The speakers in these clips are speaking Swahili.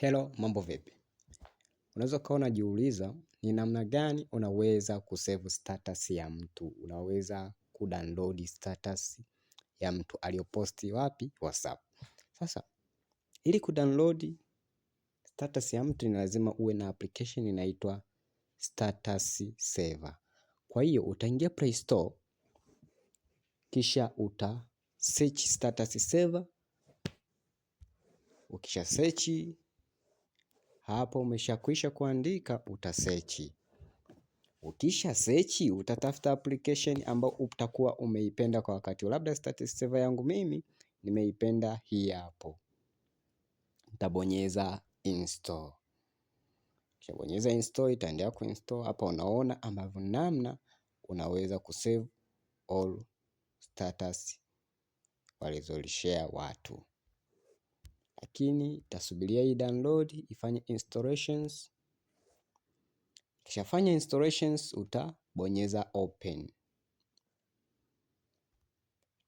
Hello, mambo vipi? Unaweza ukawa unajiuliza ni namna gani unaweza kusave status ya mtu, unaweza kudownload status ya mtu aliyoposti wapi? WhatsApp. Sasa ili kudownload status ya mtu ni lazima uwe na application inaitwa status saver. Kwa hiyo utaingia Play Store, kisha uta search status saver, ukisha search hapo umeshakwisha kuandika, utasechi. Ukisha sechi utatafuta application ambayo utakuwa umeipenda kwa wakati. Labda status server yangu mimi nimeipenda hii hapo. Nitabonyeza install. Ukishabonyeza install itaendelea kuinstall. Hapa unaona ambavyo namna unaweza kusave all status walizolishare watu lakini itasubiria hii download ifanye installations. Kishafanya installations, utabonyeza open,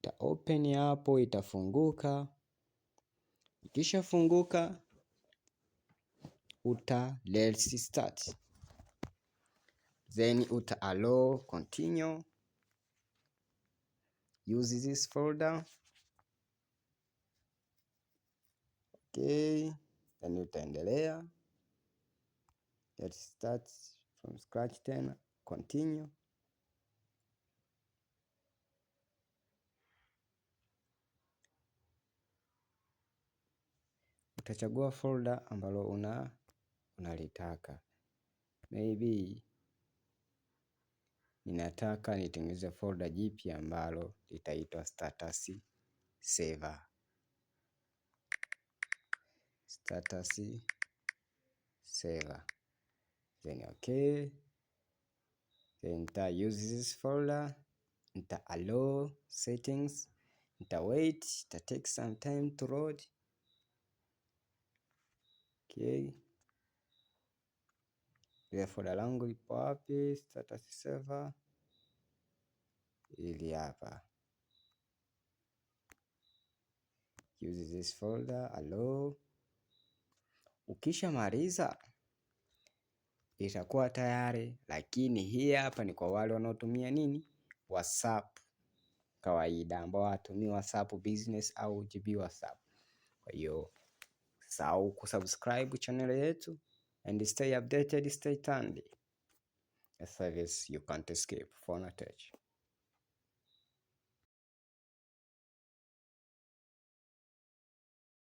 ta open hapo, itafunguka. Ikishafunguka uta let's start, then uta allow continue use this folder Okay, then utaendelea let's start from scratch tena continue. Utachagua folder ambalo una unalitaka, maybe ninataka nitengeneze folder jipya ambalo litaitwa status saver karatasi server. Then okay. Then nita use this folder, nita allow settings, nita wait, nita take some time to load. Okay. Ile folder langu lipo wapi? Status server ili hapa. Use this folder, allow Ukishamaliza itakuwa tayari, lakini hii hapa ni kwa wale wanaotumia nini WhatsApp kawaida, ambao watumii WhatsApp business au GB WhatsApp. Kwa hiyo sahau kusubscribe channel yetu and stay updated, stay tuned. A service you can't escape. Phone attached.